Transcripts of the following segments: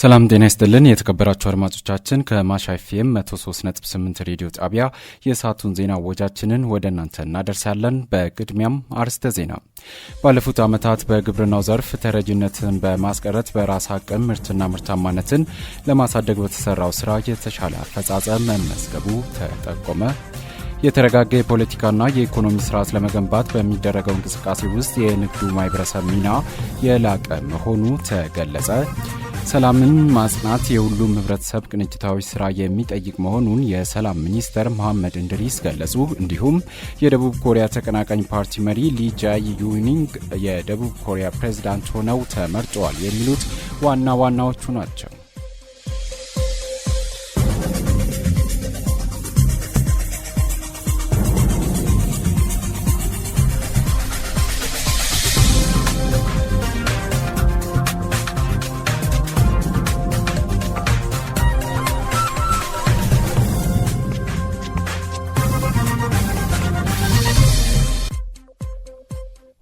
ሰላም ጤና ይስጥልን የተከበራችሁ አድማጮቻችን ከማሻ ኤፍኤም 138 ሬዲዮ ጣቢያ የሰዓቱን ዜና ወጃችንን ወደ እናንተ እናደርሳለን። በቅድሚያም አርስተ ዜና። ባለፉት ዓመታት በግብርናው ዘርፍ ተረጅነትን በማስቀረት በራስ አቅም ምርትና ምርታማነትን ለማሳደግ በተሰራው ስራ የተሻለ አፈጻጸም መመዝገቡ ተጠቆመ። የተረጋጋ የፖለቲካና የኢኮኖሚ ስርዓት ለመገንባት በሚደረገው እንቅስቃሴ ውስጥ የንግዱ ማህበረሰብ ሚና የላቀ መሆኑ ተገለጸ። ሰላምን ማጽናት የሁሉም ህብረተሰብ ቅንጅታዊ ስራ የሚጠይቅ መሆኑን የሰላም ሚኒስተር መሐመድ እንድሪስ ገለጹ። እንዲሁም የደቡብ ኮሪያ ተቀናቃኝ ፓርቲ መሪ ሊጃይ ዩኒንግ የደቡብ ኮሪያ ፕሬዝዳንት ሆነው ተመርጠዋል። የሚሉት ዋና ዋናዎቹ ናቸው።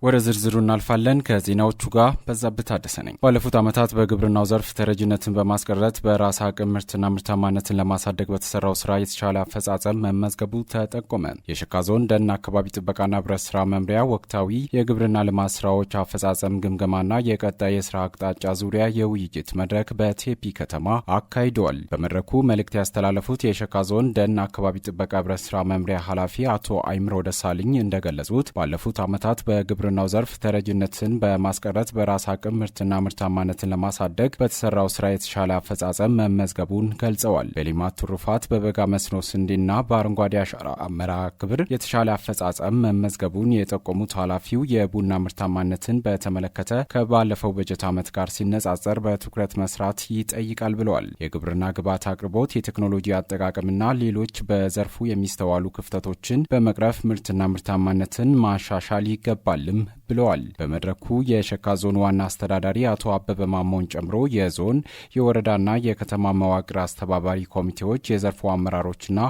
ወደ ዝርዝሩ እናልፋለን። ከዜናዎቹ ጋር በዛብህ ታደሰ ነኝ። ባለፉት ዓመታት በግብርናው ዘርፍ ተረጂነትን በማስቀረት በራስ አቅም ምርትና ምርታማነትን ለማሳደግ በተሰራው ስራ የተሻለ አፈጻጸም መመዝገቡ ተጠቆመ። የሸካ ዞን ደን አካባቢ ጥበቃና ብረት ስራ መምሪያ ወቅታዊ የግብርና ልማት ስራዎች አፈጻጸም ግምገማና የቀጣይ የስራ አቅጣጫ ዙሪያ የውይይት መድረክ በቴፒ ከተማ አካሂደዋል። በመድረኩ መልእክት ያስተላለፉት የሸካ ዞን ደን አካባቢ ጥበቃ ብረት ስራ መምሪያ ኃላፊ አቶ አይምሮ ደሳልኝ እንደገለጹት ባለፉት ዓመታት በግብርና በግብርናው ዘርፍ ተረጅነትን በማስቀረት በራስ አቅም ምርትና ምርታማነትን ለማሳደግ በተሰራው ስራ የተሻለ አፈጻጸም መመዝገቡን ገልጸዋል። በሌማት ትሩፋት፣ በበጋ መስኖ ስንዴና በአረንጓዴ አሻራ አመራ ክብር የተሻለ አፈጻጸም መመዝገቡን የጠቆሙት ኃላፊው የቡና ምርታማነትን በተመለከተ ከባለፈው በጀት ዓመት ጋር ሲነጻጸር በትኩረት መስራት ይጠይቃል ብለዋል። የግብርና ግብዓት አቅርቦት፣ የቴክኖሎጂ አጠቃቀምና ሌሎች በዘርፉ የሚስተዋሉ ክፍተቶችን በመቅረፍ ምርትና ምርታማነትን ማሻሻል ይገባልም um, ብለዋል። በመድረኩ የሸካ ዞን ዋና አስተዳዳሪ አቶ አበበ ማሞን ጨምሮ የዞን የወረዳና የከተማ መዋቅር አስተባባሪ ኮሚቴዎች፣ የዘርፉ አመራሮችና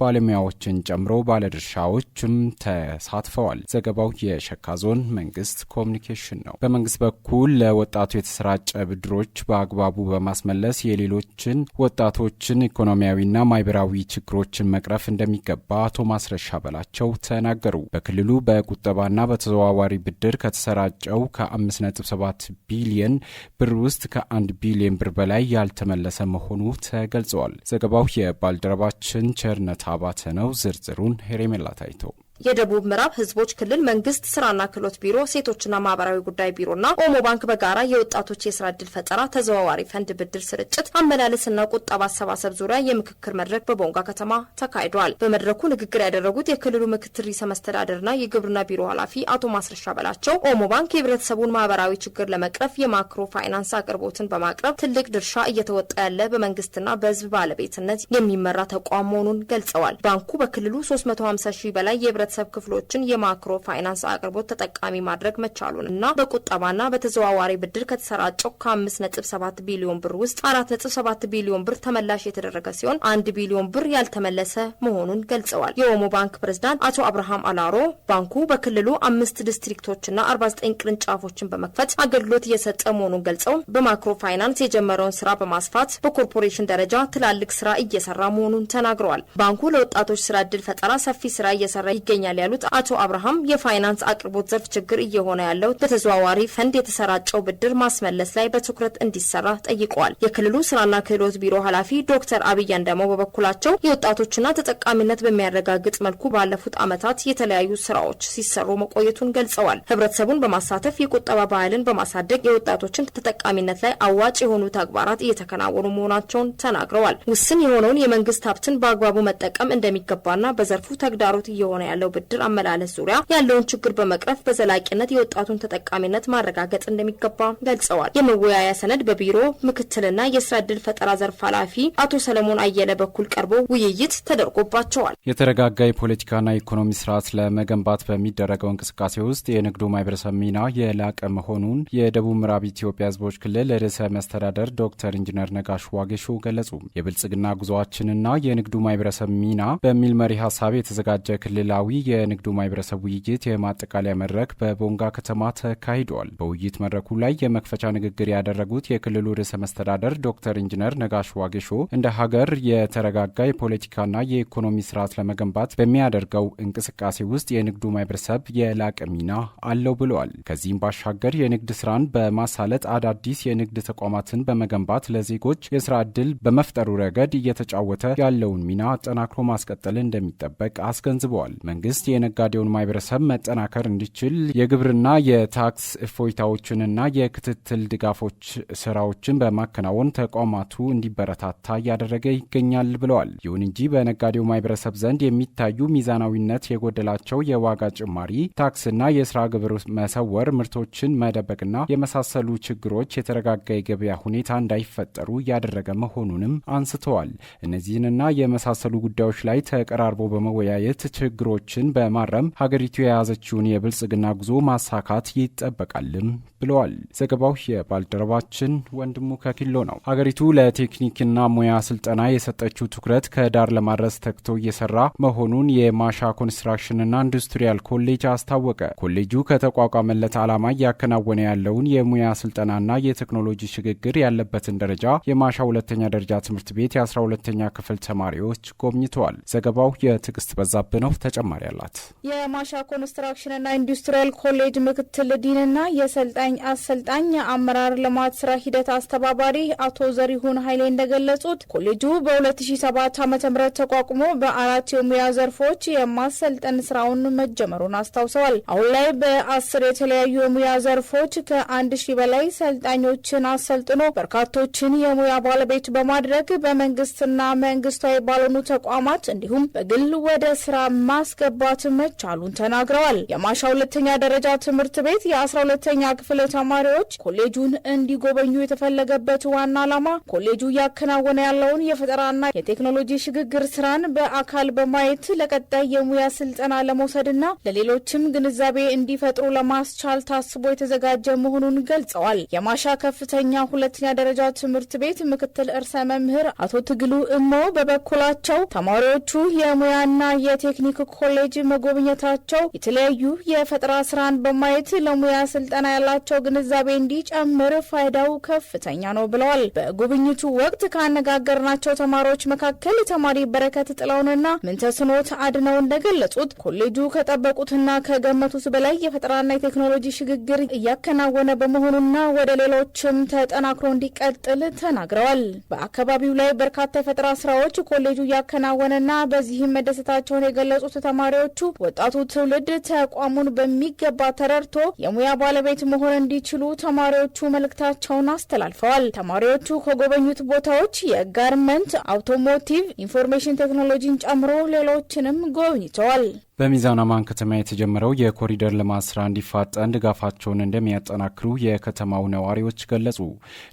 ባለሙያዎችን ጨምሮ ባለድርሻዎችም ተሳትፈዋል። ዘገባው የሸካ ዞን መንግስት ኮሚኒኬሽን ነው። በመንግስት በኩል ለወጣቱ የተሰራጨ ብድሮች በአግባቡ በማስመለስ የሌሎችን ወጣቶችን ኢኮኖሚያዊና ማህበራዊ ችግሮችን መቅረፍ እንደሚገባ አቶ ማስረሻ በላቸው ተናገሩ። በክልሉ በቁጠባና በተዘዋዋሪ ብድር ድርድር ከተሰራጨው ከ5.7 ቢሊየን ብር ውስጥ ከ1 ቢሊየን ብር በላይ ያልተመለሰ መሆኑ ተገልጿል። ዘገባው የባልደረባችን ቸርነት አባተ ነው። ዝርዝሩን ሄሬሜላ ታይተው የደቡብ ምዕራብ ህዝቦች ክልል መንግስት ስራና ክህሎት ቢሮ ሴቶችና ማህበራዊ ጉዳይ ቢሮና ኦሞ ባንክ በጋራ የወጣቶች የስራ ዕድል ፈጠራ ተዘዋዋሪ ፈንድ ብድር ስርጭት አመላለስና ቁጠባ አሰባሰብ ዙሪያ የምክክር መድረክ በቦንጋ ከተማ ተካሂዷል። በመድረኩ ንግግር ያደረጉት የክልሉ ምክትል ርዕሰ መስተዳደርና የግብርና ቢሮ ኃላፊ አቶ ማስረሻ በላቸው ኦሞ ባንክ የህብረተሰቡን ማህበራዊ ችግር ለመቅረፍ የማክሮ ፋይናንስ አቅርቦትን በማቅረብ ትልቅ ድርሻ እየተወጣ ያለ በመንግስትና በህዝብ ባለቤትነት የሚመራ ተቋም መሆኑን ገልጸዋል። ባንኩ በክልሉ 350 ሺህ በላይ የህብረተሰብ ክፍሎችን የማክሮ ፋይናንስ አቅርቦት ተጠቃሚ ማድረግ መቻሉን እና በቁጠባና በተዘዋዋሪ ብድር ከተሰራጨው ከአምስት ነጥብ ሰባት ቢሊዮን ብር ውስጥ አራት ነጥብ ሰባት ቢሊዮን ብር ተመላሽ የተደረገ ሲሆን አንድ ቢሊዮን ብር ያልተመለሰ መሆኑን ገልጸዋል። የኦሞ ባንክ ፕሬዝዳንት አቶ አብርሃም አላሮ ባንኩ በክልሉ አምስት ዲስትሪክቶችና አርባ ዘጠኝ ቅርንጫፎችን በመክፈት አገልግሎት እየሰጠ መሆኑን ገልጸው በማክሮ ፋይናንስ የጀመረውን ስራ በማስፋት በኮርፖሬሽን ደረጃ ትላልቅ ስራ እየሰራ መሆኑን ተናግረዋል። ባንኩ ለወጣቶች ስራ እድል ፈጠራ ሰፊ ስራ እየሰራ ይገኛል ይገኛል ያሉት አቶ አብርሃም የፋይናንስ አቅርቦት ዘርፍ ችግር እየሆነ ያለው በተዘዋዋሪ ፈንድ የተሰራጨው ብድር ማስመለስ ላይ በትኩረት እንዲሰራ ጠይቀዋል። የክልሉ ስራና ክህሎት ቢሮ ኃላፊ ዶክተር አብይ አንደሞ በበኩላቸው የወጣቶችና ተጠቃሚነት በሚያረጋግጥ መልኩ ባለፉት ዓመታት የተለያዩ ስራዎች ሲሰሩ መቆየቱን ገልጸዋል። ህብረተሰቡን በማሳተፍ የቁጠባ ባህልን በማሳደግ የወጣቶችን ተጠቃሚነት ላይ አዋጭ የሆኑ ተግባራት እየተከናወኑ መሆናቸውን ተናግረዋል። ውስን የሆነውን የመንግስት ሀብትን በአግባቡ መጠቀም እንደሚገባና በዘርፉ ተግዳሮት እየሆነ ያለው ባለው ብድር አመላለስ ዙሪያ ያለውን ችግር በመቅረፍ በዘላቂነት የወጣቱን ተጠቃሚነት ማረጋገጥ እንደሚገባ ገልጸዋል። የመወያያ ሰነድ በቢሮ ምክትልና የስራ ዕድል ፈጠራ ዘርፍ ኃላፊ አቶ ሰለሞን አየለ በኩል ቀርቦ ውይይት ተደርጎባቸዋል። የተረጋጋ የፖለቲካና የኢኮኖሚ ስርዓት ለመገንባት በሚደረገው እንቅስቃሴ ውስጥ የንግዱ ማህበረሰብ ሚና የላቀ መሆኑን የደቡብ ምዕራብ ኢትዮጵያ ህዝቦች ክልል ርዕሰ መስተዳደር ዶክተር ኢንጂነር ነጋሽ ዋጌሾ ገለጹ። የብልጽግና ጉዞአችንና የንግዱ ማህበረሰብ ሚና በሚል መሪ ሀሳብ የተዘጋጀ ክልላዊ የንግዱ ማህበረሰብ ውይይት የማጠቃለያ መድረክ በቦንጋ ከተማ ተካሂዷል። በውይይት መድረኩ ላይ የመክፈቻ ንግግር ያደረጉት የክልሉ ርዕሰ መስተዳደር ዶክተር ኢንጂነር ነጋሽ ዋጌሾ እንደ ሀገር የተረጋጋ የፖለቲካና የኢኮኖሚ ስርዓት ለመገንባት በሚያደርገው እንቅስቃሴ ውስጥ የንግዱ ማህበረሰብ የላቀ ሚና አለው ብለዋል። ከዚህም ባሻገር የንግድ ስራን በማሳለጥ አዳዲስ የንግድ ተቋማትን በመገንባት ለዜጎች የስራ እድል በመፍጠሩ ረገድ እየተጫወተ ያለውን ሚና አጠናክሮ ማስቀጠል እንደሚጠበቅ አስገንዝበዋል። መንግስት የነጋዴውን ማህበረሰብ መጠናከር እንዲችል የግብርና የታክስ እፎይታዎችንና የክትትል ድጋፎች ስራዎችን በማከናወን ተቋማቱ እንዲበረታታ እያደረገ ይገኛል ብለዋል። ይሁን እንጂ በነጋዴው ማህበረሰብ ዘንድ የሚታዩ ሚዛናዊነት የጎደላቸው የዋጋ ጭማሪ፣ ታክስና የስራ ግብር መሰወር፣ ምርቶችን መደበቅና የመሳሰሉ ችግሮች የተረጋጋ የገበያ ሁኔታ እንዳይፈጠሩ እያደረገ መሆኑንም አንስተዋል። እነዚህንና የመሳሰሉ ጉዳዮች ላይ ተቀራርቦ በመወያየት ችግሮች ችግሮችን በማረም ሀገሪቱ የያዘችውን የብልጽግና ጉዞ ማሳካት ይጠበቃልም ብለዋል። ዘገባው የባልደረባችን ወንድሙ ከፊሎ ነው። ሀገሪቱ ለቴክኒክና ሙያ ስልጠና የሰጠችው ትኩረት ከዳር ለማድረስ ተግቶ እየሰራ መሆኑን የማሻ ኮንስትራክሽንና ኢንዱስትሪያል ኮሌጅ አስታወቀ። ኮሌጁ ከተቋቋመለት ዓላማ እያከናወነ ያለውን የሙያ ስልጠናና የቴክኖሎጂ ሽግግር ያለበትን ደረጃ የማሻ ሁለተኛ ደረጃ ትምህርት ቤት የ12ተኛ ክፍል ተማሪዎች ጎብኝተዋል። ዘገባው የትዕግስት በዛብህ ነው። ተጨማሪ አላት። የማሻ ኮንስትራክሽንና ኢንዱስትሪያል ኮሌጅ ምክትል ዲንና የሰልጣኝ አሰልጣኝ አሰልጣኝ የአመራር ልማት ስራ ሂደት አስተባባሪ አቶ ዘሪሁን ኃይሌ እንደገለጹት ኮሌጁ በ2007 ዓ ም ተቋቁሞ በአራት የሙያ ዘርፎች የማሰልጠን ስራውን መጀመሩን አስታውሰዋል። አሁን ላይ በአስር የተለያዩ የሙያ ዘርፎች ከአንድ ሺህ በላይ ሰልጣኞችን አሰልጥኖ በርካቶችን የሙያ ባለቤት በማድረግ በመንግስትና መንግስታዊ ባልሆኑ ተቋማት እንዲሁም በግል ወደ ስራ ማስገባት መቻሉን ተናግረዋል። የማሻ ሁለተኛ ደረጃ ትምህርት ቤት የ12ኛ ክፍል ተማሪዎች ኮሌጁን እንዲጎበኙ የተፈለገበት ዋና ዓላማ ኮሌጁ እያከናወነ ያለውን የፈጠራና የቴክኖሎጂ ሽግግር ስራን በአካል በማየት ለቀጣይ የሙያ ስልጠና ለመውሰድና ለሌሎችም ግንዛቤ እንዲፈጥሩ ለማስቻል ታስቦ የተዘጋጀ መሆኑን ገልጸዋል። የማሻ ከፍተኛ ሁለተኛ ደረጃ ትምህርት ቤት ምክትል እርሰ መምህር አቶ ትግሉ እሞ በበኩላቸው ተማሪዎቹ የሙያና የቴክኒክ ኮሌጅ መጎብኘታቸው የተለያዩ የፈጠራ ስራን በማየት ለሙያ ስልጠና ያላቸው ያላቸው ግንዛቤ እንዲጨምር ፋይዳው ከፍተኛ ነው ብለዋል። በጉብኝቱ ወቅት ካነጋገርናቸው ተማሪዎች መካከል ተማሪ በረከት ጥላውንና ምንተስኖት አድነው እንደገለጹት ኮሌጁ ከጠበቁትና ከገመቱት በላይ የፈጠራና የቴክኖሎጂ ሽግግር እያከናወነ በመሆኑና ወደ ሌሎችም ተጠናክሮ እንዲቀጥል ተናግረዋል። በአካባቢው ላይ በርካታ የፈጠራ ስራዎች ኮሌጁ እያከናወነና በዚህም መደሰታቸውን የገለጹት ተማሪዎቹ ወጣቱ ትውልድ ተቋሙን በሚገባ ተረድቶ የሙያ ባለቤት መሆን እንዲችሉ ተማሪዎቹ መልእክታቸውን አስተላልፈዋል። ተማሪዎቹ ከጎበኙት ቦታዎች የጋርመንት፣ አውቶሞቲቭ፣ ኢንፎርሜሽን ቴክኖሎጂን ጨምሮ ሌሎችንም ጎብኝተዋል። በሚዛን አማን ከተማ የተጀመረው የኮሪደር ልማት ስራ እንዲፋጠን ድጋፋቸውን እንደሚያጠናክሩ የከተማው ነዋሪዎች ገለጹ።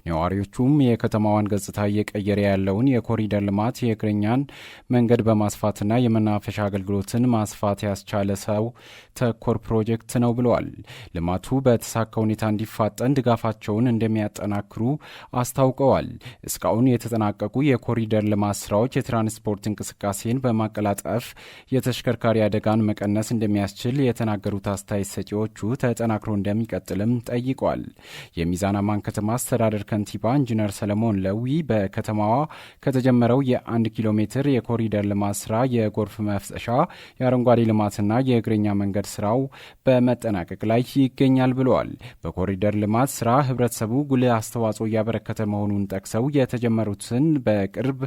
ነዋሪዎቹም የከተማዋን ገጽታ እየቀየረ ያለውን የኮሪደር ልማት የእግረኛን መንገድ በማስፋትና የመናፈሻ አገልግሎትን ማስፋት ያስቻለ ሰው ተኮር ፕሮጀክት ነው ብለዋል። ልማቱ በተሳካው ሁኔታ እንዲፋጠን ድጋፋቸውን እንደሚያጠናክሩ አስታውቀዋል። እስካሁን የተጠናቀቁ የኮሪደር ልማት ስራዎች የትራንስፖርት እንቅስቃሴን በማቀላጠፍ የተሽከርካሪ አደጋን መቀነስ እንደሚያስችል የተናገሩት አስተያየት ሰጪዎቹ ተጠናክሮ እንደሚቀጥልም ጠይቋል። የሚዛን አማን ከተማ አስተዳደር ከንቲባ ኢንጂነር ሰለሞን ለዊ በከተማዋ ከተጀመረው የአንድ ኪሎ ሜትር የኮሪደር ልማት ስራ የጎርፍ መፍሰሻ፣ የአረንጓዴ ልማትና የእግረኛ መንገድ ስራው በመጠናቀቅ ላይ ይገኛል ብለዋል። በኮሪደር ልማት ስራ ህብረተሰቡ ጉልህ አስተዋጽኦ እያበረከተ መሆኑን ጠቅሰው የተጀመሩትን በቅርብ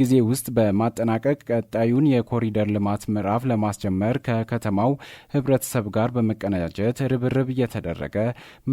ጊዜ ውስጥ በማጠናቀቅ ቀጣዩን የኮሪደር ልማት ምዕራፍ ለማስጀመር ከከተማው ህብረተሰብ ጋር በመቀናጀት ርብርብ እየተደረገ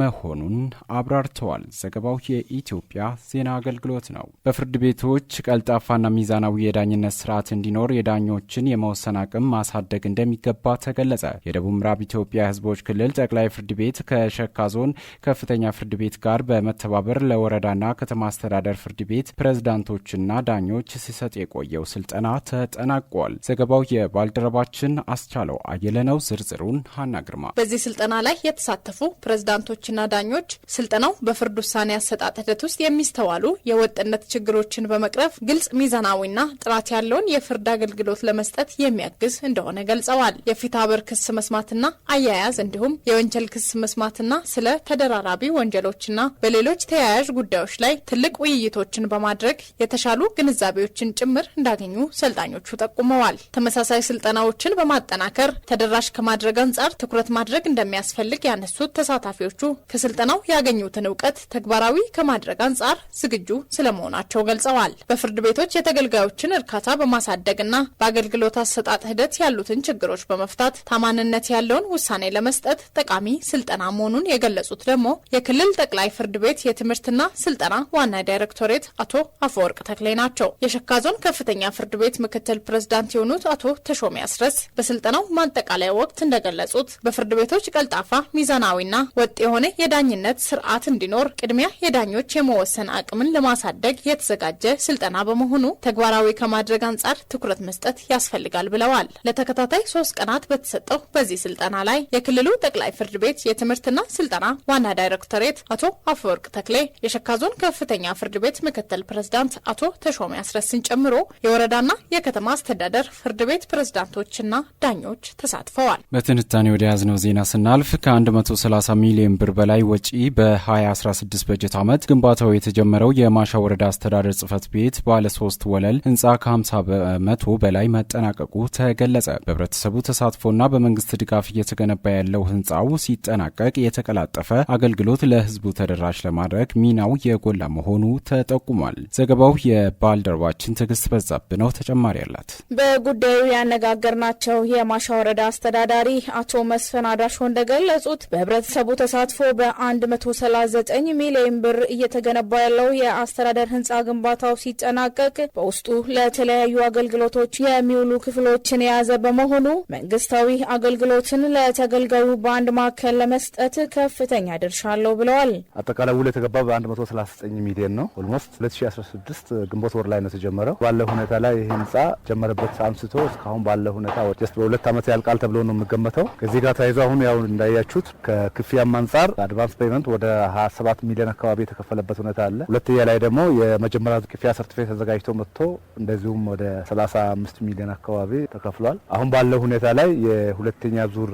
መሆኑን አብራርተዋል። ዘገባው የኢትዮጵያ ዜና አገልግሎት ነው። በፍርድ ቤቶች ቀልጣፋና ሚዛናዊ የዳኝነት ስርዓት እንዲኖር የዳኞችን የመወሰን አቅም ማሳደግ እንደሚገባ ተገለጸ። የደቡብ ምዕራብ ኢትዮጵያ ህዝቦች ክልል ጠቅላይ ፍርድ ቤት ከሸካ ዞን ከፍተኛ ፍርድ ቤት ጋር በመተባበር ለወረዳና ከተማ አስተዳደር ፍርድ ቤት ፕሬዝዳንቶችና ዳኞች ሲሰጥ የቆየው ስልጠና ተጠናቋል። ዘገባው የባልደረባችን አስቻለው አየለ ነው። ዝርዝሩን ሀና ግርማ። በዚህ ስልጠና ላይ የተሳተፉ ፕሬዝዳንቶችና ዳኞች ስልጠናው በፍርድ ውሳኔ አሰጣጥ ሂደት ውስጥ የሚስተዋሉ የወጥነት ችግሮችን በመቅረፍ ግልጽ፣ ሚዛናዊና ጥራት ያለውን የፍርድ አገልግሎት ለመስጠት የሚያግዝ እንደሆነ ገልጸዋል። የፍትሐ ክስ መስማትና አያያዝ እንዲሁም የወንጀል ክስ መስማትና ስለ ስለ ተደራራቢ ወንጀሎችና በሌሎች ተያያዥ ጉዳዮች ላይ ትልቅ ውይይቶችን በማድረግ የተሻሉ ግንዛቤዎችን ጭምር እንዳገኙ ሰልጣኞቹ ጠቁመዋል። ተመሳሳይ ስልጠናዎችን በማጠናከር ተደራሽ ከማድረግ አንጻር ትኩረት ማድረግ እንደሚያስፈልግ ያነሱት ተሳታፊዎቹ ከስልጠናው ያገኙትን እውቀት ተግባራዊ ከማድረግ አንጻር ዝግጁ ስለመሆናቸው ገልጸዋል። በፍርድ ቤቶች የተገልጋዮችን እርካታ በማሳደግና በአገልግሎት አሰጣጥ ሂደት ያሉትን ችግሮች በመፍታት ታማንነት ያለውን ውሳኔ ለመስጠት ጠቃሚ ስልጠና መሆኑን የገለ የገለጹት ደግሞ የክልል ጠቅላይ ፍርድ ቤት የትምህርትና ስልጠና ዋና ዳይሬክቶሬት አቶ አፈወርቅ ተክሌ ናቸው። የሸካ ዞን ከፍተኛ ፍርድ ቤት ምክትል ፕሬዝዳንት የሆኑት አቶ ተሾሜ አስረስ በስልጠናው ማጠቃለያ ወቅት እንደገለጹት በፍርድ ቤቶች ቀልጣፋ፣ ሚዛናዊና ወጥ የሆነ የዳኝነት ስርዓት እንዲኖር ቅድሚያ የዳኞች የመወሰን አቅምን ለማሳደግ የተዘጋጀ ስልጠና በመሆኑ ተግባራዊ ከማድረግ አንጻር ትኩረት መስጠት ያስፈልጋል ብለዋል። ለተከታታይ ሶስት ቀናት በተሰጠው በዚህ ስልጠና ላይ የክልሉ ጠቅላይ ፍርድ ቤት የትምህርትና ስልጠና ዋና ዳይሬክተሬት አቶ አፈወርቅ ተክሌ፣ የሸካ ዞን ከፍተኛ ፍርድ ቤት ምክትል ፕሬዝዳንት አቶ ተሾሚ አስረስን ጨምሮ የወረዳና የከተማ አስተዳደር ፍርድ ቤት ፕሬዝዳንቶችና ዳኞች ተሳትፈዋል። በትንታኔ ወደ ያዝነው ዜና ስናልፍ ከ130 ሚሊዮን ብር በላይ ወጪ በ2016 በጀት ዓመት ግንባታው የተጀመረው የማሻ ወረዳ አስተዳደር ጽህፈት ቤት ባለሶስት ወለል ህንፃ ከ50 በመቶ በላይ መጠናቀቁ ተገለጸ። በህብረተሰቡ ተሳትፎና በመንግስት ድጋፍ እየተገነባ ያለው ህንፃው ሲጠናቀቅ የተቀላ የተቀላጠፈ አገልግሎት ለህዝቡ ተደራሽ ለማድረግ ሚናው የጎላ መሆኑ ተጠቁሟል። ዘገባው የባልደረባችን ትዕግስት በዛብ ነው። ተጨማሪ አላት። በጉዳዩ ያነጋገርናቸው የማሻ ወረዳ አስተዳዳሪ አቶ መስፈን አዳሾ እንደገለጹት በህብረተሰቡ ተሳትፎ በ139 ሚሊዮን ብር እየተገነባ ያለው የአስተዳደር ህንፃ ግንባታው ሲጠናቀቅ በውስጡ ለተለያዩ አገልግሎቶች የሚውሉ ክፍሎችን የያዘ በመሆኑ መንግስታዊ አገልግሎትን ለተገልጋዩ በአንድ ማዕከል ለመስጠት ከፍ ከፍተኛ ድርሻ አለው ብለዋል። አጠቃላይ ውል የተገባ በ139 ሚሊዮን ነው። ኦልሞስት 2016 ግንቦት ወር ላይ ነው የተጀመረው። ባለው ሁኔታ ላይ ይህ ህንፃ ጀመረበት አንስቶ እስካሁን ባለው ሁኔታ ጀስት በሁለት ዓመት ያልቃል ተብሎ ነው የምገመተው። ከዚህ ጋር ተያይዞ አሁን ያው እንዳያችሁት ከክፍያም አንጻር አድቫንስ ፔመንት ወደ 27 ሚሊዮን አካባቢ የተከፈለበት ሁኔታ አለ። ሁለተኛ ላይ ደግሞ የመጀመሪያ ክፍያ ሰርቲፊኬት ተዘጋጅቶ መጥቶ እንደዚሁም ወደ 35 ሚሊዮን አካባቢ ተከፍሏል። አሁን ባለው ሁኔታ ላይ የሁለተኛ ዙር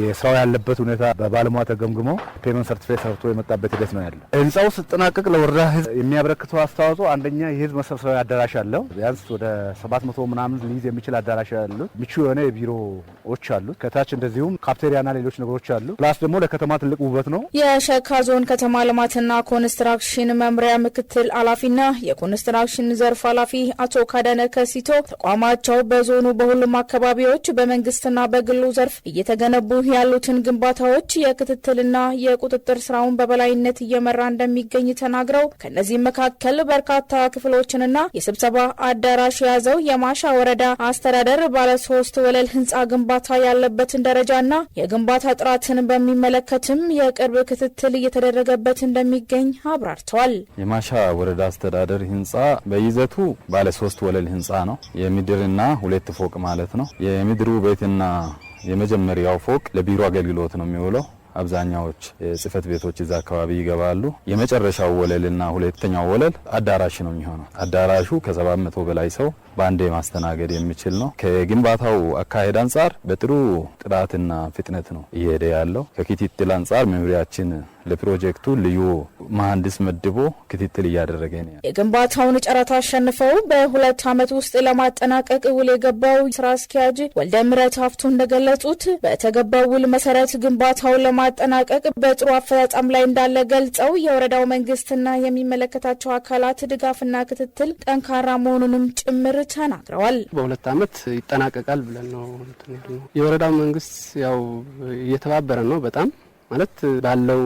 የስራው ያለበት ሁኔታ በባለሙያ ተገምግሞ ፔመንት ሰርቲፊኬት ሰርቶ የመጣበት ሂደት ነው ያለ። ህንፃው ስጠናቀቅ ለወረዳ ህዝብ የሚያበረክተው አስተዋጽኦ አንደኛ የህዝብ መሰብሰቢያ አዳራሽ አለው። ቢያንስ ወደ 700 ምናምን ሊይዝ የሚችል አዳራሽ ያሉት ምቹ የሆነ የቢሮዎች አሉት። ከታች እንደዚሁም ካፕቴሪያና ሌሎች ነገሮች አሉ። ፕላስ ደግሞ ለከተማ ትልቅ ውበት ነው። የሸካ ዞን ከተማ ልማትና ኮንስትራክሽን መምሪያ ምክትል ኃላፊና የኮንስትራክሽን ዘርፍ ኃላፊ አቶ ካዳነ ከሲቶ ተቋማቸው በዞኑ በሁሉም አካባቢዎች በመንግስትና በግሉ ዘርፍ እየተገነቡ ቡህ ያሉትን ግንባታዎች የክትትልና የቁጥጥር ስራውን በበላይነት እየመራ እንደሚገኝ ተናግረው ከእነዚህም መካከል በርካታ ክፍሎችንና የስብሰባ አዳራሽ የያዘው የማሻ ወረዳ አስተዳደር ባለሶስት ወለል ህንፃ ግንባታ ያለበትን ደረጃና የግንባታ ጥራትን በሚመለከትም የቅርብ ክትትል እየተደረገበት እንደሚገኝ አብራርተዋል። የማሻ ወረዳ አስተዳደር ህንፃ በይዘቱ ባለሶስት ወለል ህንፃ ነው። የምድርና ሁለት ፎቅ ማለት ነው። የምድሩ ቤትና የመጀመሪያው ፎቅ ለቢሮ አገልግሎት ነው የሚውለው። አብዛኛዎች ጽህፈት ቤቶች እዛ አካባቢ ይገባሉ። የመጨረሻው ወለልና ሁለተኛው ወለል አዳራሽ ነው የሚሆነው። አዳራሹ ከሰባት መቶ በላይ ሰው በአንዴ ማስተናገድ የሚችል ነው። ከግንባታው አካሄድ አንጻር በጥሩ ጥራትና ፍጥነት ነው እየሄደ ያለው። ከክትትል አንጻር መምሪያችን ለፕሮጀክቱ ልዩ መሀንዲስ መድቦ ክትትል እያደረገ ነው። የግንባታውን ጨረታ አሸንፈው በሁለት ዓመት ውስጥ ለማጠናቀቅ ውል የገባው ስራ አስኪያጅ ወልደ ምረት ሀፍቱ እንደገለጹት በተገባው ውል መሰረት ግንባታውን ለማጠናቀቅ በጥሩ አፈጻጸም ላይ እንዳለ ገልጸው የወረዳው መንግስትና የሚመለከታቸው አካላት ድጋፍና ክትትል ጠንካራ መሆኑንም ጭምር ተናግረዋል። በሁለት ዓመት ይጠናቀቃል ብለን ነው የወረዳው መንግስት ያው እየተባበረ ነው በጣም ማለት ባለው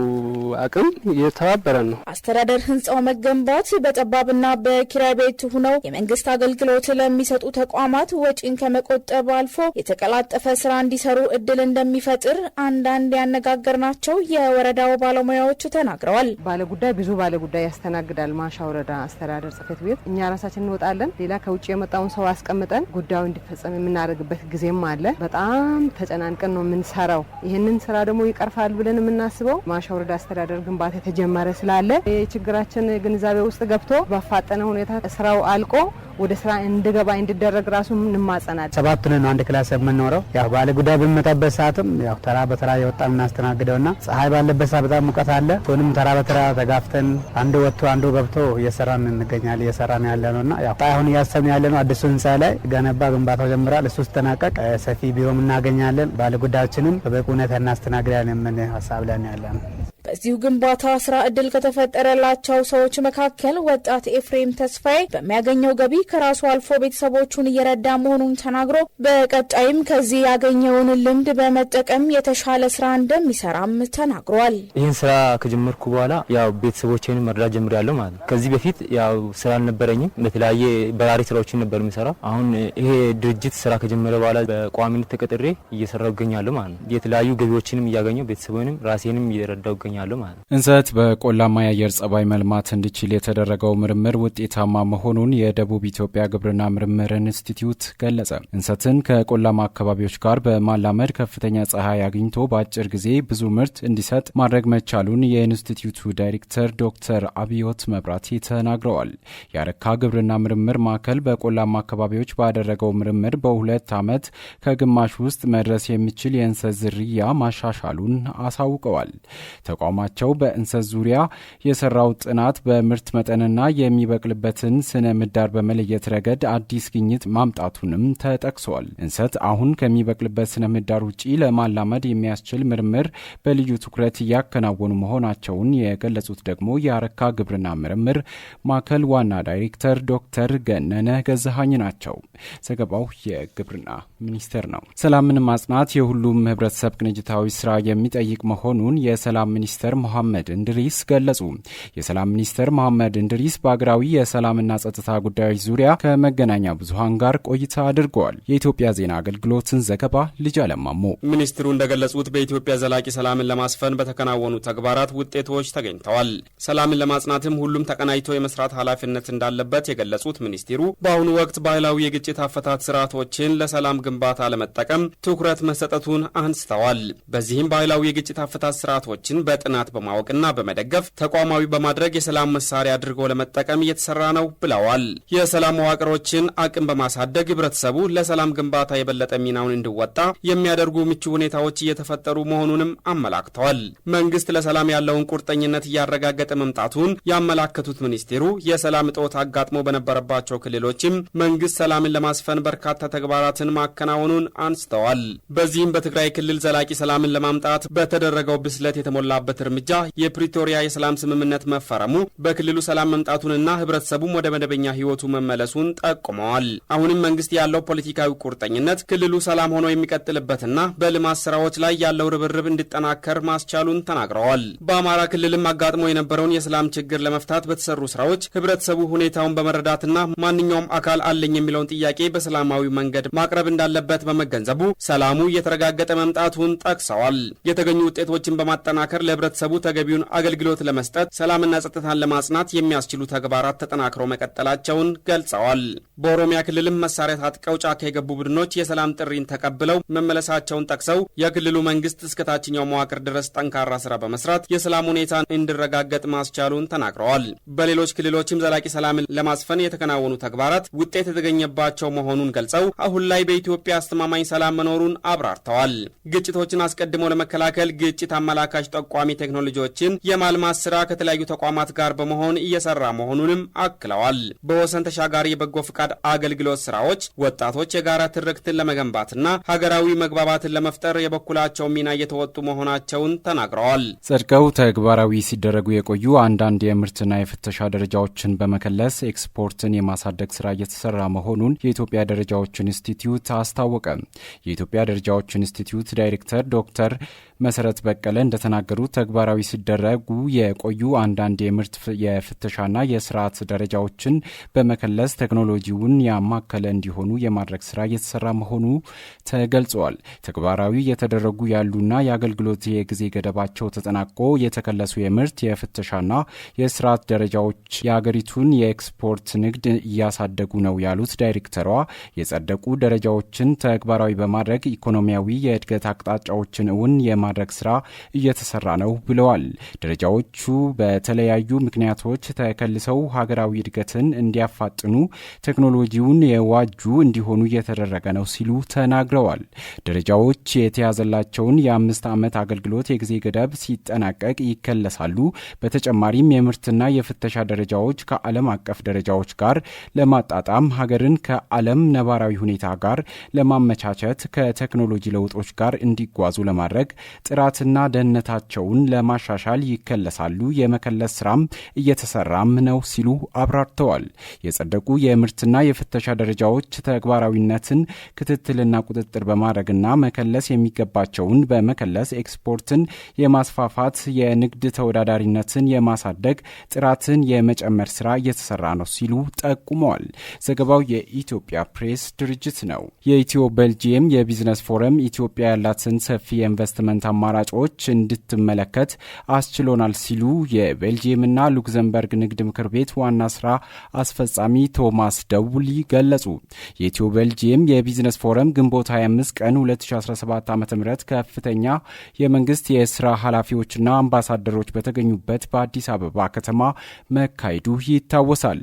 አቅም እየተባበረ ነው። አስተዳደር ህንፃው መገንባት በጠባብና በኪራይ ቤት ሆነው የመንግስት አገልግሎት ለሚሰጡ ተቋማት ወጪን ከመቆጠብ አልፎ የተቀላጠፈ ስራ እንዲሰሩ እድል እንደሚፈጥር አንዳንድ ያነጋገርናቸው የወረዳው ባለሙያዎች ተናግረዋል። ባለጉዳይ ብዙ ባለጉዳይ ያስተናግዳል ማሻ ወረዳ አስተዳደር ጽህፈት ቤት። እኛ ራሳችን እንወጣለን፣ ሌላ ከውጭ የመጣውን ሰው አስቀምጠን ጉዳዩ እንዲፈጸም የምናደርግበት ጊዜም አለ። በጣም ተጨናንቀን ነው የምንሰራው። ይህንን ስራ ደግሞ ይቀርፋል ብለን ብለን የምናስበው ማሻ ወረዳ አስተዳደር ግንባታ የተጀመረ ስላለ የችግራችን ግንዛቤ ውስጥ ገብቶ ባፋጠነ ሁኔታ ስራው አልቆ ወደ ስራ እንድገባ እንድደረግ ራሱ እንማጸናል። ሰባቱንን አንድ ክላስ የምንኖረው ያው ባለ ጉዳይ በሚመጣበት ሰዓትም ያው ተራ በተራ የወጣ የምናስተናግደው ና ፀሐይ ባለበት ሰዓት በጣም ሙቀት አለ። ሁንም ተራ በተራ ተጋፍተን አንዱ ወጥቶ አንዱ ገብቶ እየሰራን እንገኛል እየሰራን ያለ ነው ና ያው አሁን እያሰብን ያለ ነው። አዲሱ ህንፃ ላይ ገነባ ግንባታው ጀምራል። እሱ ስጠናቀቅ ሰፊ ቢሮም እናገኛለን። ባለ ጉዳዮችንም በበቂ ሁኔታ እናስተናግዳለን የምን ሀሳብ ላይ ነው ነው። በዚሁ ግንባታ ስራ እድል ከተፈጠረላቸው ሰዎች መካከል ወጣት ኤፍሬም ተስፋዬ በሚያገኘው ገቢ ከራሱ አልፎ ቤተሰቦቹን እየረዳ መሆኑን ተናግሮ በቀጣይም ከዚህ ያገኘውን ልምድ በመጠቀም የተሻለ ስራ እንደሚሰራም ተናግሯል። ይህን ስራ ከጀመርኩ በኋላ ያው ቤተሰቦችን መርዳት ጀምሬያለሁ ማለት ነው። ከዚህ በፊት ያው ስራ አልነበረኝም። በተለያየ በራሪ ስራዎችን ነበር የሚሰራው። አሁን ይሄ ድርጅት ስራ ከጀመረ በኋላ በቋሚነት ተቀጥሬ እየሰራው ይገኛሉ ማለት ነው። የተለያዩ ገቢዎችንም እያገኘው ቤተሰቦንም ራሴንም እየረዳው ይገኛል። ይገኛሉ ማለት ነው። እንሰት በቆላማ የአየር ጸባይ መልማት እንዲችል የተደረገው ምርምር ውጤታማ መሆኑን የደቡብ ኢትዮጵያ ግብርና ምርምር ኢንስቲትዩት ገለጸ። እንሰትን ከቆላማ አካባቢዎች ጋር በማላመድ ከፍተኛ ፀሐይ አግኝቶ በአጭር ጊዜ ብዙ ምርት እንዲሰጥ ማድረግ መቻሉን የኢንስቲትዩቱ ዳይሬክተር ዶክተር አብዮት መብራቴ ተናግረዋል። የአረካ ግብርና ምርምር ማዕከል በቆላማ አካባቢዎች ባደረገው ምርምር በሁለት ዓመት ከግማሽ ውስጥ መድረስ የሚችል የእንሰት ዝርያ ማሻሻሉን አሳውቀዋል። ተቋማቸው በእንሰት ዙሪያ የሰራው ጥናት በምርት መጠንና የሚበቅልበትን ስነ ምህዳር በመለየት ረገድ አዲስ ግኝት ማምጣቱንም ተጠቅሷል። እንሰት አሁን ከሚበቅልበት ስነ ምህዳር ውጪ ለማላመድ የሚያስችል ምርምር በልዩ ትኩረት እያከናወኑ መሆናቸውን የገለጹት ደግሞ የአረካ ግብርና ምርምር ማዕከል ዋና ዳይሬክተር ዶክተር ገነነ ገዛሃኝ ናቸው። ዘገባው የግብርና ሚኒስቴር ነው። ሰላምን ማጽናት የሁሉም ህብረተሰብ ቅንጅታዊ ስራ የሚጠይቅ መሆኑን የሰላም ሚኒስ ሚኒስትር መሐመድ እንድሪስ ገለጹ። የሰላም ሚኒስትር መሐመድ እንድሪስ በአገራዊ የሰላምና ጸጥታ ጉዳዮች ዙሪያ ከመገናኛ ብዙሃን ጋር ቆይታ አድርገዋል። የኢትዮጵያ ዜና አገልግሎትን ዘገባ ልጅ አለማሞ። ሚኒስትሩ እንደገለጹት በኢትዮጵያ ዘላቂ ሰላምን ለማስፈን በተከናወኑ ተግባራት ውጤቶች ተገኝተዋል። ሰላምን ለማጽናትም ሁሉም ተቀናጅቶ የመስራት ኃላፊነት እንዳለበት የገለጹት ሚኒስትሩ በአሁኑ ወቅት ባህላዊ የግጭት አፈታት ስርዓቶችን ለሰላም ግንባታ ለመጠቀም ትኩረት መሰጠቱን አንስተዋል። በዚህም ባህላዊ የግጭት አፈታት ስርዓቶችን በ በጥናት በማወቅና በመደገፍ ተቋማዊ በማድረግ የሰላም መሳሪያ አድርጎ ለመጠቀም እየተሰራ ነው ብለዋል። የሰላም መዋቅሮችን አቅም በማሳደግ ህብረተሰቡ ለሰላም ግንባታ የበለጠ ሚናውን እንዲወጣ የሚያደርጉ ምቹ ሁኔታዎች እየተፈጠሩ መሆኑንም አመላክተዋል። መንግስት ለሰላም ያለውን ቁርጠኝነት እያረጋገጠ መምጣቱን ያመላከቱት ሚኒስቴሩ የሰላም እጦት አጋጥሞ በነበረባቸው ክልሎችም መንግስት ሰላምን ለማስፈን በርካታ ተግባራትን ማከናወኑን አንስተዋል። በዚህም በትግራይ ክልል ዘላቂ ሰላምን ለማምጣት በተደረገው ብስለት የተሞላበት የተወሰደበት እርምጃ የፕሪቶሪያ የሰላም ስምምነት መፈረሙ በክልሉ ሰላም መምጣቱንና ህብረተሰቡም ወደ መደበኛ ህይወቱ መመለሱን ጠቁመዋል። አሁንም መንግስት ያለው ፖለቲካዊ ቁርጠኝነት ክልሉ ሰላም ሆኖ የሚቀጥልበትና በልማት ስራዎች ላይ ያለው ርብርብ እንዲጠናከር ማስቻሉን ተናግረዋል። በአማራ ክልልም አጋጥሞ የነበረውን የሰላም ችግር ለመፍታት በተሰሩ ስራዎች ህብረተሰቡ ሁኔታውን በመረዳትና ማንኛውም አካል አለኝ የሚለውን ጥያቄ በሰላማዊ መንገድ ማቅረብ እንዳለበት በመገንዘቡ ሰላሙ እየተረጋገጠ መምጣቱን ጠቅሰዋል። የተገኙ ውጤቶችን በማጠናከር ለህብረ ለህብረተሰቡ ተገቢውን አገልግሎት ለመስጠት ሰላምና ጸጥታን ለማጽናት የሚያስችሉ ተግባራት ተጠናክረው መቀጠላቸውን ገልጸዋል። በኦሮሚያ ክልልም መሳሪያ ታጥቀው ጫካ የገቡ ቡድኖች የሰላም ጥሪን ተቀብለው መመለሳቸውን ጠቅሰው የክልሉ መንግስት እስከ ታችኛው መዋቅር ድረስ ጠንካራ ስራ በመስራት የሰላም ሁኔታን እንዲረጋገጥ ማስቻሉን ተናግረዋል። በሌሎች ክልሎችም ዘላቂ ሰላምን ለማስፈን የተከናወኑ ተግባራት ውጤት የተገኘባቸው መሆኑን ገልጸው አሁን ላይ በኢትዮጵያ አስተማማኝ ሰላም መኖሩን አብራርተዋል። ግጭቶችን አስቀድሞ ለመከላከል ግጭት አመላካች ጠቋሚ ቴክኖሎጂዎችን የማልማት ስራ ከተለያዩ ተቋማት ጋር በመሆን እየሰራ መሆኑንም አክለዋል። በወሰን ተሻጋሪ የበጎ ፍቃድ አገልግሎት ስራዎች ወጣቶች የጋራ ትርክትን ለመገንባትና ሀገራዊ መግባባትን ለመፍጠር የበኩላቸው ሚና እየተወጡ መሆናቸውን ተናግረዋል። ጸድቀው ተግባራዊ ሲደረጉ የቆዩ አንዳንድ የምርትና የፍተሻ ደረጃዎችን በመከለስ ኤክስፖርትን የማሳደግ ስራ እየተሰራ መሆኑን የኢትዮጵያ ደረጃዎች ኢንስቲትዩት አስታወቀ። የኢትዮጵያ ደረጃዎች ኢንስቲትዩት ዳይሬክተር ዶክተር መሰረት በቀለ እንደተናገሩት ተግባራዊ ሲደረጉ የቆዩ አንዳንድ የምርት የፍተሻና የስርዓት ደረጃዎችን በመከለስ ቴክኖሎጂውን ያማከለ እንዲሆኑ የማድረግ ስራ እየተሰራ መሆኑ ተገልጸዋል። ተግባራዊ እየተደረጉ ያሉና የአገልግሎት የጊዜ ገደባቸው ተጠናቆ የተከለሱ የምርት የፍተሻና የስርዓት ደረጃዎች የአገሪቱን የኤክስፖርት ንግድ እያሳደጉ ነው ያሉት ዳይሬክተሯ የጸደቁ ደረጃዎችን ተግባራዊ በማድረግ ኢኮኖሚያዊ የእድገት አቅጣጫዎችን እውን የማድረግ ስራ እየተሰራ ነው ብለዋል። ደረጃዎቹ በተለያዩ ምክንያቶች ተከልሰው ሀገራዊ እድገትን እንዲያፋጥኑ ቴክኖሎጂውን የዋጁ እንዲሆኑ እየተደረገ ነው ሲሉ ተናግረዋል። ደረጃዎች የተያዘላቸውን የአምስት ዓመት አገልግሎት የጊዜ ገደብ ሲጠናቀቅ ይከለሳሉ። በተጨማሪም የምርትና የፍተሻ ደረጃዎች ከዓለም አቀፍ ደረጃዎች ጋር ለማጣጣም ሀገርን ከዓለም ነባራዊ ሁኔታ ጋር ለማመቻቸት ከቴክኖሎጂ ለውጦች ጋር እንዲጓዙ ለማድረግ ጥራትና ደህንነታቸውን ለማሻሻል ይከለሳሉ። የመከለስ ስራም እየተሰራም ነው ሲሉ አብራርተዋል። የጸደቁ የምርትና የፍተሻ ደረጃዎች ተግባራዊነትን ክትትልና ቁጥጥር በማድረግና መከለስ የሚገባቸውን በመከለስ ኤክስፖርትን የማስፋፋት የንግድ ተወዳዳሪነትን የማሳደግ ጥራትን የመጨመር ስራ እየተሰራ ነው ሲሉ ጠቁመዋል። ዘገባው የኢትዮጵያ ፕሬስ ድርጅት ነው። የኢትዮ ቤልጂየም የቢዝነስ ፎረም ኢትዮጵያ ያላትን ሰፊ የኢንቨስትመንት የኢንቨስትመንት አማራጮች እንድትመለከት አስችሎናል ሲሉ የቤልጅየምና ሉክዘምበርግ ንግድ ምክር ቤት ዋና ስራ አስፈጻሚ ቶማስ ደውሊ ገለጹ። የኢትዮ ቤልጅየም የቢዝነስ ፎረም ግንቦት 25 ቀን 2017 ዓ ም ከፍተኛ የመንግስት የስራ ኃላፊዎችና አምባሳደሮች በተገኙበት በአዲስ አበባ ከተማ መካሄዱ ይታወሳል።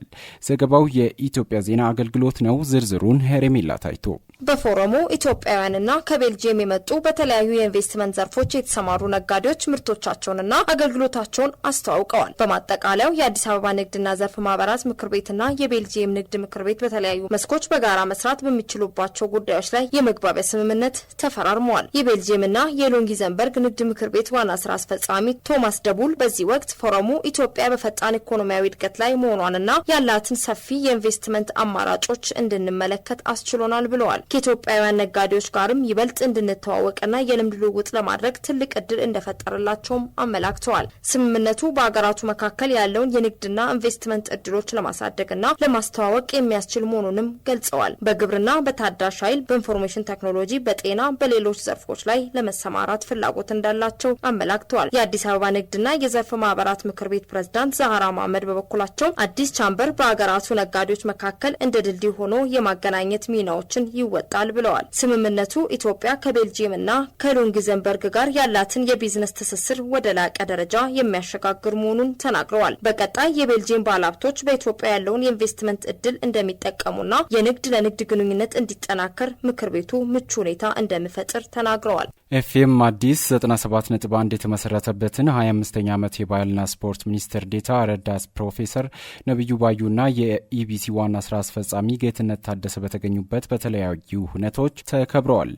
ዘገባው የኢትዮጵያ ዜና አገልግሎት ነው። ዝርዝሩን ሄሬሜላ ታይቶ በፎረሙ ኢትዮጵያውያንና ከቤልጅየም የመጡ በተለያዩ የኢንቨስትመንት ዘርፎች የተሰማሩ ነጋዴዎች ምርቶቻቸውንና አገልግሎታቸውን አስተዋውቀዋል። በማጠቃለያው የአዲስ አበባ ንግድና ዘርፍ ማህበራት ምክር ቤትና የቤልጅየም ንግድ ምክር ቤት በተለያዩ መስኮች በጋራ መስራት በሚችሉባቸው ጉዳዮች ላይ የመግባቢያ ስምምነት ተፈራርመዋል። የቤልጅየምና የሎንጊዘንበርግ ንግድ ምክር ቤት ዋና ስራ አስፈጻሚ ቶማስ ደቡል በዚህ ወቅት ፎረሙ ኢትዮጵያ በፈጣን ኢኮኖሚያዊ እድገት ላይ መሆኗንና ያላትን ሰፊ የኢንቨስትመንት አማራጮች እንድንመለከት አስችሎናል ብለዋል። ከኢትዮጵያውያን ነጋዴዎች ጋርም ይበልጥ እንድንተዋወቅና የልምድ ልውውጥ ለማድረግ ትልቅ እድል እንደፈጠረላቸውም አመላክተዋል። ስምምነቱ በሀገራቱ መካከል ያለውን የንግድና ኢንቨስትመንት እድሎች ለማሳደግና ለማስተዋወቅ የሚያስችል መሆኑንም ገልጸዋል። በግብርና፣ በታዳሽ ኃይል፣ በኢንፎርሜሽን ቴክኖሎጂ፣ በጤና፣ በሌሎች ዘርፎች ላይ ለመሰማራት ፍላጎት እንዳላቸው አመላክተዋል። የአዲስ አበባ ንግድና የዘርፍ ማህበራት ምክር ቤት ፕሬዝዳንት ዛህራ ማመድ በበኩላቸው አዲስ ቻምበር በሀገራቱ ነጋዴዎች መካከል እንደ ድልድይ ሆኖ የማገናኘት ሚናዎችን ይወ ይወጣል ብለዋል። ስምምነቱ ኢትዮጵያ ከቤልጂየም እና ከሉንግዘንበርግ ጋር ያላትን የቢዝነስ ትስስር ወደ ላቀ ደረጃ የሚያሸጋግር መሆኑን ተናግረዋል። በቀጣይ የቤልጂየም ባለሀብቶች በኢትዮጵያ ያለውን የኢንቨስትመንት እድል እንደሚጠቀሙና የንግድ ለንግድ ግንኙነት እንዲጠናከር ምክር ቤቱ ምቹ ሁኔታ እንደሚፈጥር ተናግረዋል። ኤፍኤም አዲስ 97.1 የተመሰረተበትን 25ኛ ዓመት የባህልና ስፖርት ሚኒስትር ዴታ ረዳት ፕሮፌሰር ነቢዩ ባዩና የኢቢሲ ዋና ስራ አስፈጻሚ ጌትነት ታደሰ በተገኙበት በተለያዩ ሁነቶች ተከብረዋል።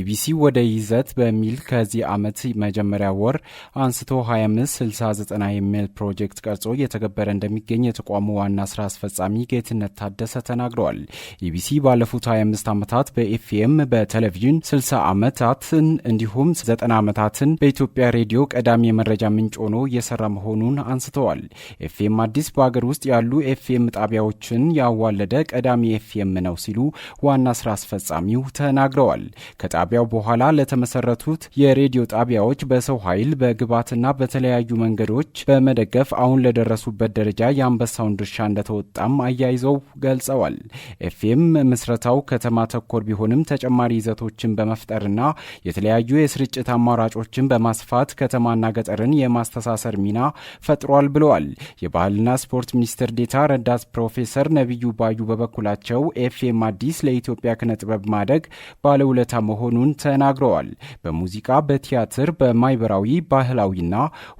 ኢቢሲ ወደ ይዘት በሚል ከዚህ ዓመት መጀመሪያ ወር አንስቶ 2569 የሚል ፕሮጀክት ቀርጾ እየተገበረ እንደሚገኝ የተቋሙ ዋና ስራ አስፈጻሚ ጌትነት ታደሰ ተናግረዋል። ኢቢሲ ባለፉት 25 ዓመታት በኤፍኤም በቴሌቪዥን 60 ዓመታትን እንዲሁም ዘጠና ዓመታትን በኢትዮጵያ ሬዲዮ ቀዳሚ የመረጃ ምንጭ ሆኖ እየሰራ መሆኑን አንስተዋል። ኤፍኤም አዲስ በአገር ውስጥ ያሉ ኤፍኤም ጣቢያዎችን ያዋለደ ቀዳሚ ኤፍኤም ነው ሲሉ ዋና ስራ አስፈጻሚው ተናግረዋል። ከጣቢያው በኋላ ለተመሰረቱት የሬዲዮ ጣቢያዎች በሰው ኃይል በግብዓትና በተለያዩ መንገዶች በመደገፍ አሁን ለደረሱበት ደረጃ የአንበሳውን ድርሻ እንደተወጣም አያይዘው ገልጸዋል። ኤፍኤም ምስረታው ከተማ ተኮር ቢሆንም ተጨማሪ ይዘቶችን በመፍጠርና የተለያዩ የተለያዩ የስርጭት አማራጮችን በማስፋት ከተማና ገጠርን የማስተሳሰር ሚና ፈጥሯል ብለዋል። የባህልና ስፖርት ሚኒስትር ዴታ ረዳት ፕሮፌሰር ነቢዩ ባዩ በበኩላቸው ኤፍኤም አዲስ ለኢትዮጵያ ክነ ጥበብ ማደግ ባለውለታ መሆኑን ተናግረዋል። በሙዚቃ፣ በቲያትር፣ በማህበራዊ ባህላዊና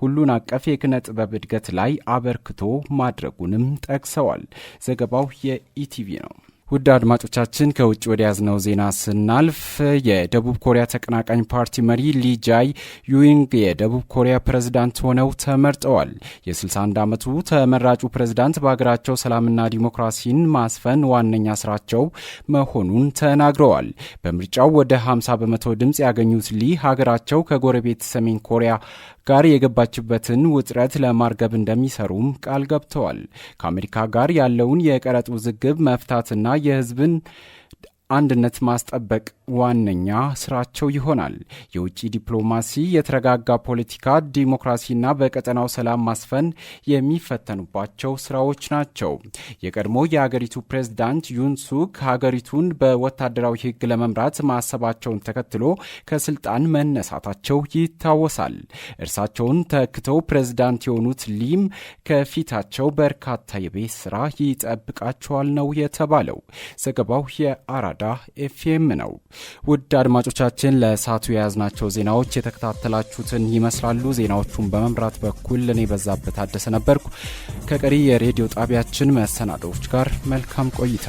ሁሉን አቀፍ የክነ ጥበብ እድገት ላይ አበርክቶ ማድረጉንም ጠቅሰዋል። ዘገባው የኢቲቪ ነው። ውድ አድማጮቻችን ከውጭ ወደ ያዝነው ዜና ስናልፍ የደቡብ ኮሪያ ተቀናቃኝ ፓርቲ መሪ ሊጃይ ዩንግ የደቡብ ኮሪያ ፕሬዝዳንት ሆነው ተመርጠዋል። የ61 ዓመቱ ተመራጩ ፕሬዝዳንት በሀገራቸው ሰላምና ዲሞክራሲን ማስፈን ዋነኛ ስራቸው መሆኑን ተናግረዋል። በምርጫው ወደ 50 በመቶ ድምፅ ያገኙት ሊ ሀገራቸው ከጎረቤት ሰሜን ኮሪያ ጋር የገባችበትን ውጥረት ለማርገብ እንደሚሰሩም ቃል ገብተዋል። ከአሜሪካ ጋር ያለውን የቀረጥ ውዝግብ መፍታትና የህዝብን አንድነት ማስጠበቅ ዋነኛ ስራቸው ይሆናል። የውጭ ዲፕሎማሲ፣ የተረጋጋ ፖለቲካ፣ ዲሞክራሲና በቀጠናው ሰላም ማስፈን የሚፈተኑባቸው ስራዎች ናቸው። የቀድሞ የሀገሪቱ ፕሬዝዳንት ዩንሱክ ሀገሪቱን በወታደራዊ ህግ ለመምራት ማሰባቸውን ተከትሎ ከስልጣን መነሳታቸው ይታወሳል። እርሳቸውን ተክተው ፕሬዝዳንት የሆኑት ሊም ከፊታቸው በርካታ የቤት ስራ ይጠብቃቸዋል ነው የተባለው። ዘገባው የአራዳ ኤፍኤም ነው። ውድ አድማጮቻችን ለእሳቱ የያዝናቸው ዜናዎች የተከታተላችሁትን ይመስላሉ። ዜናዎቹን በመምራት በኩል እኔ በዛበት አደሰ ነበርኩ። ከቀሪ የሬዲዮ ጣቢያችን መሰናዶዎች ጋር መልካም ቆይታ